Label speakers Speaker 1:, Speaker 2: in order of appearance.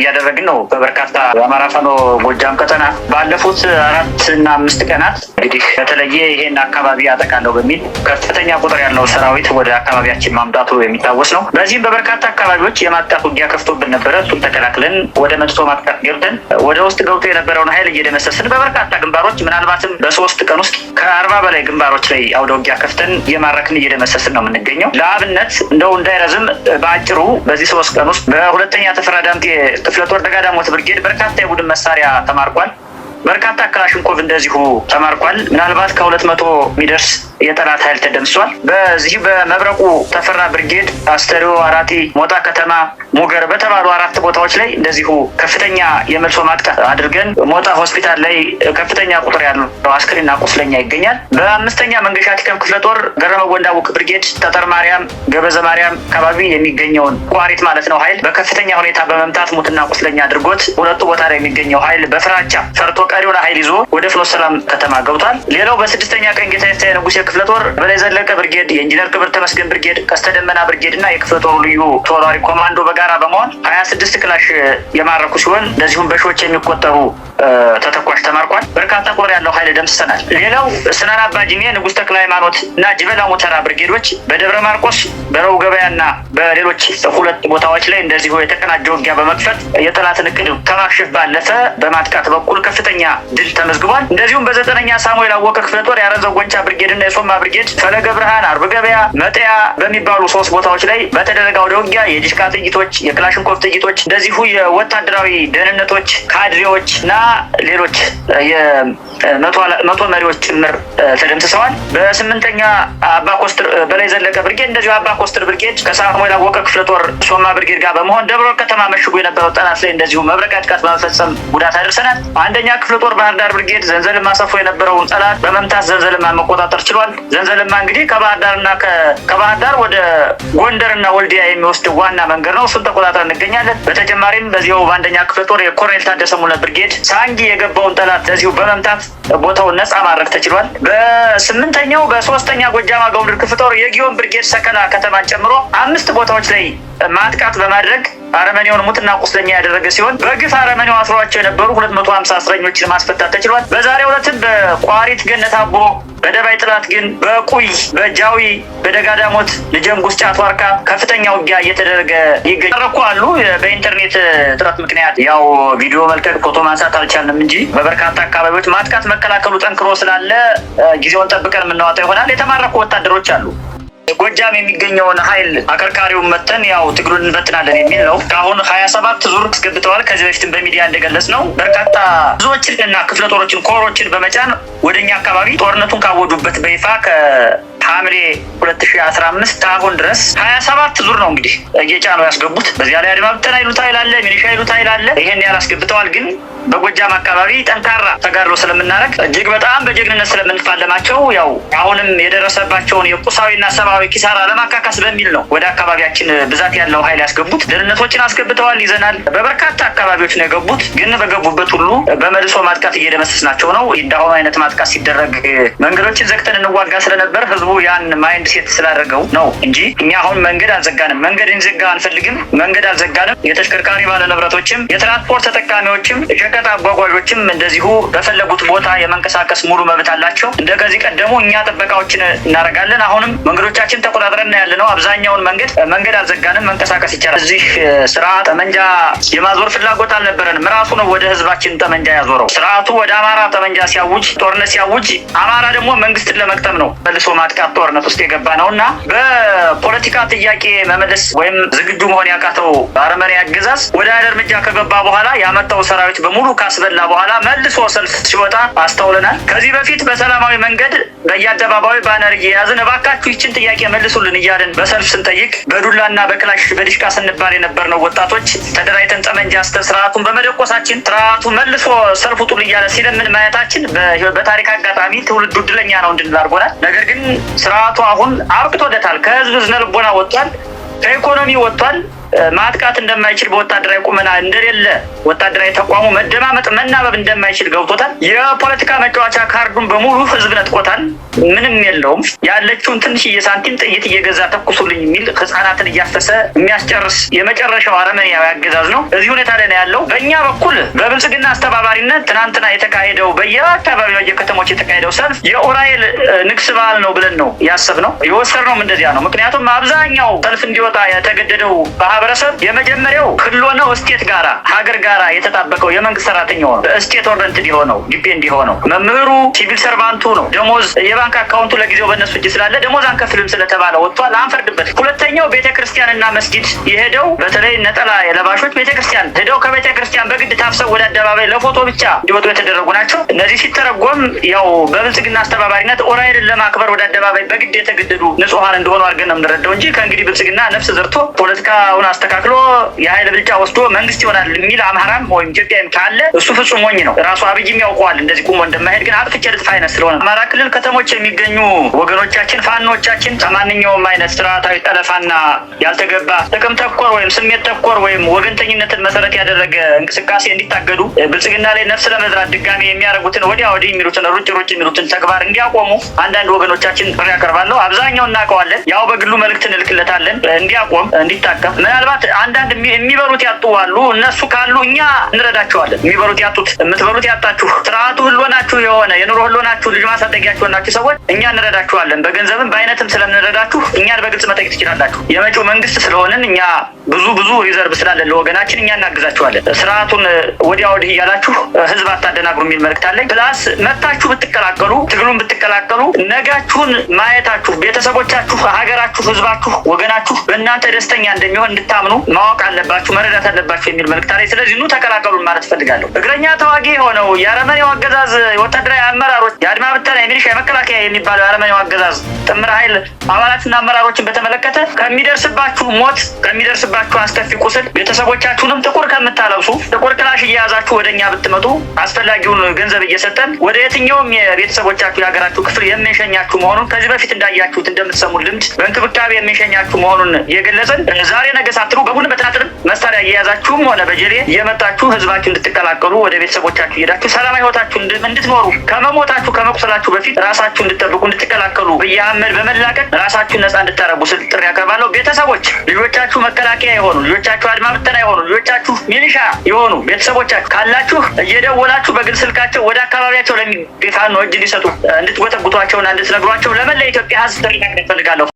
Speaker 1: እያደረግን ነው። በበርካታ አማራ ፋኖ ጎጃም ቀጠና ባለፉት አራት እና አምስት ቀናት እንግዲህ በተለየ ይሄን አካባቢ አጠቃለው በሚል ከፍተኛ ቁጥር ያለው ሰራዊት ወደ አካባቢያችን ማምጣቱ የሚታወስ ነው። በዚህም በበርካታ አካባቢዎች የማጥቃት ውጊያ ከፍቶብን ነበረ። እሱን ተከላክለን ወደ መልሶ ማጥቃት ገብተን ወደ ውስጥ ገብቶ የነበረውን ኃይል እየደመሰስን በበርካታ ግንባሮች ምናልባትም በሶስት ቀን ውስጥ ከአርባ በላይ ግንባሮች ላይ አውደ ውጊያ ከፍተን እየማረክን እየደመሰስን ነው የምንገኘው። ለአብነት እንደው እንዳይረዝም በአጭሩ በዚህ ሶስት ቀን ውስጥ በሁለተኛ ተፈራዳምጤ ክፍለ ጦር ደጋዳሞት ብርጌድ በርካታ የቡድን መሳሪያ ተማርኳል። በርካታ ክላሽንኮቭ እንደዚሁ ተማርኳል። ምናልባት ከሁለት መቶ የሚደርስ የጠላት ኃይል ተደምሷል። በዚህ በመብረቁ ተፈራ ብርጌድ፣ አስተሪዮ፣ አራቲ፣ ሞጣ ከተማ፣ ሙገር በተባሉ አራት ቦታዎች ላይ እንደዚሁ ከፍተኛ የመልሶ ማጥቃት አድርገን ሞጣ ሆስፒታል ላይ ከፍተኛ ቁጥር ያለው አስክሬንና ቁስለኛ ይገኛል። በአምስተኛ መንገሻ ቲከም ክፍለ ጦር ገረመ ወንዳውቅ ብርጌድ፣ ጠጠር ማርያም፣ ገበዘ ማርያም አካባቢ የሚገኘውን ቋሪት ማለት ነው ኃይል በከፍተኛ ሁኔታ በመምታት ሙትና ቁስለኛ አድርጎት ሁለቱ ቦታ ላይ የሚገኘው ኃይል በፍራቻ ፈርቶ ቀሪውን ኃይል ይዞ ወደ ፍኖ ሰላም ከተማ ገብቷል። ሌላው በስድስተኛ ቀን ጌታ ንጉሴ ክፍለ ጦር በላይ ዘለቀ ብርጌድ፣ የኢንጂነር ክብር ተመስገን ብርጌድ፣ ቀስተደመና ብርጌድ እና የክፍለ ጦሩ ልዩ ተወራሪ ኮማንዶ በጋራ በመሆን ሀያ ስድስት ክላሽ የማረኩ ሲሆን እንደዚሁም በሺዎች የሚቆጠሩ ተተኳሽ ተማርኳል። በርካታ ቁጥር ያለው ኃይል ደምስሰናል። ሌላው ስናን አባጅሜ፣ ንጉሥ ተክለ ሃይማኖት እና ጅበላ ሞተራ ብርጌዶች በደብረ ማርቆስ፣ በረው ገበያና በሌሎች ሁለት ቦታዎች ላይ እንደዚሁ የተቀናጀ ውጊያ በመክፈት የጠላትን እቅድ ከማክሸፍ ባለፈ በማጥቃት በኩል ከፍተኛ ድል ተመዝግቧል። እንደዚሁም በዘጠነኛ ሳሙኤል አወቀ ክፍለ ጦር ያረዘው ጎንቻ ብርጌድና ሶማ ብርጌድ፣ ፈለገ ብርሃን፣ አርብ ገበያ፣ መጠያ በሚባሉ ሶስት ቦታዎች ላይ በተደረገ አውደ ውጊያ የዲሽቃ ጥይቶች፣ ትይቶች ጥይቶች እንደዚሁ የወታደራዊ ደህንነቶች ካድሬዎች እና ሌሎች የመቶ መሪዎች ጭምር ተደምስሰዋል። በስምንተኛ አባ ኮስትር በላይ ዘለቀ ብርጌድ እንደዚሁ አባ ኮስትር ብርጌድ ከሳሙኤል አወቀ ክፍለ ጦር ሶማ ብርጌድ ጋር በመሆን ደብረ ከተማ መሽጉ የነበረው ጠላት ላይ እንደዚሁ መብረቂያ ጥቃት በመፈጸም ጉዳት አድርሰናል። አንደኛ ክፍለ ጦር ባህር ዳር ብርጌድ ዘንዘልማ ሰፍሮ የነበረውን ጠላት በመምታት ዘንዘልማ መቆጣጠር ችሏል። ዘንዘልማ እንግዲህ ከባህር ዳርና ከባህር ዳር ወደ ጎንደርና ወልዲያ የሚወስድ ዋና መንገድ ነው። እሱን ተቆጣጥረን እንገኛለን። በተጨማሪም በዚው በአንደኛ ክፍለ ጦር የኮሎኔል ታደሰ ብርጌድ ሳንጊ የገባውን ጠላት እዚሁ በመምታት ቦታውን ነፃ ማድረግ ተችሏል። በስምንተኛው በሶስተኛ ጎጃም አገው ምድር ክፍለ ጦር የጊዮን ብርጌድ ሰከላ ከተማን ጨምሮ አምስት ቦታዎች ላይ ማጥቃት በማድረግ አረመኔውን ሙትና ቁስለኛ ያደረገ ሲሆን በግፍ አረመኔው አስሯቸው የነበሩ ሁለት መቶ ሀምሳ እስረኞችን ማስፈታት ተችሏል። በዛሬው ዕለትም በቋሪት ገነት አቦ በደባይ ጥላት ግን በቁይ በጃዊ በደጋዳሞት ንጀንጉስ ጫት ዋርካ ከፍተኛ ውጊያ እየተደረገ ይገኝረኩ አሉ። በኢንተርኔት ጥረት ምክንያት ያው ቪዲዮ መልቀቅ ፎቶ ማንሳት አልቻልንም እንጂ በበርካታ አካባቢዎች ማጥቃት መከላከሉ ጠንክሮ ስላለ ጊዜውን ጠብቀን የምናወጣው ይሆናል። የተማረኩ ወታደሮች አሉ። ጎጃም የሚገኘውን ኃይል አከርካሪውን መተን ያው ትግሉን እንበትናለን የሚል ነው። ከአሁን ሀያ ሰባት ዙር አስገብተዋል። ከዚህ በፊትም በሚዲያ እንደገለጽ ነው በርካታ ብዙዎችን እና ክፍለ ጦሮችን ኮሮችን በመጫን ወደኛ አካባቢ ጦርነቱን ካወዱበት በይፋ ሐምሌ 2015 አሁን ድረስ 27 ዙር ነው እንግዲህ እየጫነው ያስገቡት። በዚያ ላይ አድማ ብተና ይሉት ኃይል አለ፣ ሚሊሻ ይሉት ኃይል አለ። ይሄን ያህል አስገብተዋል ግን በጎጃም አካባቢ ጠንካራ ተጋድሎ ስለምናደርግ እጅግ በጣም በጀግንነት ስለምንፋለማቸው ያው አሁንም የደረሰባቸውን የቁሳዊና ሰብአዊ ኪሳራ ለማካካስ በሚል ነው ወደ አካባቢያችን ብዛት ያለው ኃይል ያስገቡት። ደህንነቶችን አስገብተዋል፣ ይዘናል። በበርካታ አካባቢዎች ነው የገቡት። ግን በገቡበት ሁሉ በመልሶ ማጥቃት እየደመሰስናቸው ናቸው ነው የአሁኑ አይነት ማጥቃት ሲደረግ መንገዶችን ዘግተን እንዋጋ ስለነበር ህዝቡ ያን ማይንድ ሴት ስላደረገው ነው እንጂ እኛ አሁን መንገድ አልዘጋንም። መንገድ እንዘጋ አንፈልግም። መንገድ አልዘጋንም። የተሽከርካሪ ባለንብረቶችም የትራንስፖርት ተጠቃሚዎችም በርካታ አጓጓዦችም እንደዚሁ በፈለጉት ቦታ የመንቀሳቀስ ሙሉ መብት አላቸው። እንደ ከዚህ ቀደሙ እኛ ጥበቃዎችን እናደርጋለን። አሁንም መንገዶቻችን ተቆጣጥረን ያለ ነው። አብዛኛውን መንገድ መንገድ አልዘጋንም፣ መንቀሳቀስ ይቻላል። እዚህ ስራ ጠመንጃ የማዞር ፍላጎት አልነበረንም። ራሱ ነው ወደ ህዝባችን ጠመንጃ ያዞረው። ስርዓቱ ወደ አማራ ጠመንጃ ሲያውጅ፣ ጦርነት ሲያውጅ፣ አማራ ደግሞ መንግስትን ለመቅጠም ነው መልሶ ማጥቃት ጦርነት ውስጥ የገባ ነው እና በፖለቲካ ጥያቄ መመለስ ወይም ዝግጁ መሆን ያቃተው አረመኔ አገዛዝ ወደ ኃይል እርምጃ ከገባ በኋላ ያመጣው ሰራዊት በሙ ሙሉ ካስበላ በኋላ መልሶ ሰልፍ ሲወጣ አስተውለናል። ከዚህ በፊት በሰላማዊ መንገድ በየአደባባዩ ባነር እየያዝን እባካችሁ ይችን ጥያቄ መልሱልን እያልን በሰልፍ ስንጠይቅ በዱላና በክላሽ በዲሽቃ ስንባል የነበርነው ወጣቶች ተደራጅተን ጠመንጃ አስተን ስርዓቱን በመደቆሳችን ስርዓቱ መልሶ ሰልፍ ውጡል እያለ ሲለምን ማየታችን በታሪክ አጋጣሚ ትውልድ ዕድለኛ ነው እንድንል አድርጎናል። ነገር ግን ስርዓቱ አሁን አብቅቶለታል። ከህዝብ ዝነልቦና ወጥቷል። ከኢኮኖሚ ወጥቷል። ማጥቃት እንደማይችል በወታደራዊ ቁመና እንደሌለ ወታደራዊ ተቋሙ መደማመጥ መናበብ እንደማይችል ገብቶታል። የፖለቲካ መጫወቻ ካርዱን በሙሉ ህዝብ ነጥቆታል። ምንም የለውም። ያለችውን ትንሽዬ ሳንቲም ጥይት እየገዛ ተኩሱልኝ የሚል ህጻናትን እያፈሰ የሚያስጨርስ የመጨረሻው አረመኔያዊ አገዛዝ ነው። እዚህ ሁኔታ ላይ ነው ያለው። በእኛ በኩል በብልጽግና አስተባባሪነት ትናንትና የተካሄደው በየአካባቢው የከተሞች የተካሄደው ሰልፍ የኡራኤል ንግስ በዓል ነው ብለን ነው ያሰብነው የወሰድነው እንደዚያ ነው። ምክንያቱም አብዛኛው ሰልፍ እንዲወጣ የተገደደው ማህበረሰብ የመጀመሪያው ህልውናው እስቴት ጋራ ሀገር ጋራ የተጣበቀው የመንግስት ሰራተኛው ነው። በስቴት ኦርደንት እንዲሆነው ግቢ እንዲሆነው መምህሩ፣ ሲቪል ሰርቫንቱ ነው። ደሞዝ የባንክ አካውንቱ ለጊዜው በእነሱ እጅ ስላለ ደሞዝ አንከፍልም ስለተባለ ወጥቷል። አንፈርድበት። ሁለተኛው ቤተክርስቲያንና መስጊድ የሄደው በተለይ ነጠላ የለባሾች ቤተክርስቲያን ሄደው ከቤተክርስቲያን በግድ ታፍሰው ወደ አደባባይ ለፎቶ ብቻ እንዲወጡ የተደረጉ ናቸው። እነዚህ ሲተረጎም ያው በብልጽግና አስተባባሪነት ኦራይልን ለማክበር ወደ አደባባይ በግድ የተገደዱ ንጹሀን እንደሆኑ አድርገን ነው የምንረዳው እንጂ ከእንግዲህ ብልጽግና ነፍስ ዘርቶ ፖለቲካውን አስተካክሎ የሀይል ብልጫ ወስዶ መንግስት ይሆናል የሚል አምሃራም ወይም ኢትዮጵያም ካለ እሱ ፍጹም ሞኝ ነው። ራሱ አብይም ያውቀዋል እንደዚህ ቁሞ እንደማሄድ ግን አጥፍቼ ልጥፋ አይነት ስለሆነ አማራ ክልል ከተሞች የሚገኙ ወገኖቻችን ፋኖቻችን ከማንኛውም አይነት ስርዓታዊ ጠለፋና ያልተገባ ጥቅም ተኮር ወይም ስሜት ተኮር ወይም ወገንተኝነትን መሰረት ያደረገ እንቅስቃሴ እንዲታገዱ ብልጽግና ላይ ነፍስ ለመዝራት ድጋሜ የሚያደርጉትን ወዲያ ወዲህ የሚሉትን ሩጭ ሩጭ የሚሉትን ተግባር እንዲያቆሙ አንዳንድ ወገኖቻችን ጥሪ ያቀርባለሁ። አብዛኛው እናውቀዋለን። ያው በግሉ መልእክት እንልክለታለን እንዲያቆም እንዲታቀም ምናልባት አንዳንድ የሚበሉት ያጡ አሉ። እነሱ ካሉ እኛ እንረዳቸዋለን። የሚበሉት ያጡት፣ የምትበሉት ያጣችሁ፣ ስርዓቱ ህልውናችሁ የሆነ የኑሮ ህልውናችሁ፣ ልጅ ማሳደጊያችሁ ናችሁ ሰዎች እኛ እንረዳችኋለን። በገንዘብም በአይነትም ስለምንረዳችሁ እኛን በግልጽ መጠየቅ ትችላላችሁ። የመጪው መንግስት ስለሆንን እኛ ብዙ ብዙ ሪዘርቭ ስላለን ለወገናችን እኛ እናግዛችኋለን። ስርዓቱን ወዲያ ወዲህ እያላችሁ ህዝብ አታደናግሩ የሚል መልእክት አለኝ። ፕላስ መታችሁ ብትቀላቀሉ ትግሉን ብትቀላቀሉ ነጋችሁን ማየታችሁ ቤተሰቦቻችሁ፣ ሀገራችሁ፣ ህዝባችሁ፣ ወገናችሁ በእናንተ ደስተኛ እንደሚሆን እንድታምኑ ማወቅ አለባችሁ፣ መረዳት አለባችሁ የሚል መልክት አለ። ስለዚህ ኑ ተቀላቀሉን ማለት እፈልጋለሁ። እግረኛ ተዋጊ የሆነው የአረመኔው አገዛዝ ወታደራዊ አመራሮች፣ የአድማ ብተና፣ የሚሊሻ፣ የመከላከያ የሚባለው የአረመኔው አገዛዝ ጥምር ኃይል አባላትና አመራሮችን በተመለከተ ከሚደርስባችሁ ሞት ከሚደርስባችሁ አስከፊ ቁስል ቤተሰቦቻችሁንም ጥቁር ከምታለብሱ ጥቁር ክላሽ እየያዛችሁ ወደ እኛ ብትመጡ አስፈላጊውን ገንዘብ እየሰጠን ወደ የትኛውም የቤተሰቦቻችሁ የሀገራችሁ ክፍል የሚሸኛችሁ መሆኑን ከዚህ በፊት እንዳያችሁት እንደምትሰሙ ልምድ በእንክብካቤ የሚሸኛችሁ መሆኑን እየገለጽን ዛሬ ነገ ሳትሉ በቡድን በተናጥልም መሳሪያ እየያዛችሁም ሆነ በጀሌ እየመጣችሁ ህዝባችሁ እንድትቀላቀሉ ወደ ቤተሰቦቻችሁ ሄዳችሁ ሰላማዊ ህይወታችሁ እንድትኖሩ ከመሞታችሁ ከመቁሰላችሁ በፊት ራሳችሁ እንድጠብቁ እንድትቀላቀሉ ብያመድ በመላቀቅ ራሳችሁን ነጻ እንድታረጉ ስል ጥሪ ያቀርባለሁ። ቤተሰቦች ልጆቻችሁ መከላከያ የሆኑ ልጆቻችሁ አድማ ብተና የሆኑ ልጆቻችሁ ሚሊሻ የሆኑ ቤተሰቦቻችሁ ካላችሁ እየደወላችሁ በግል ስልካቸው ወደ አካባቢያቸው ለሚፋኖ እጅ እንዲሰጡ እንድትጎተጉቷቸውና እንድትነግሯቸው ለመላ ኢትዮጵያ ህዝብ ጥሪ ያቀርባለሁ።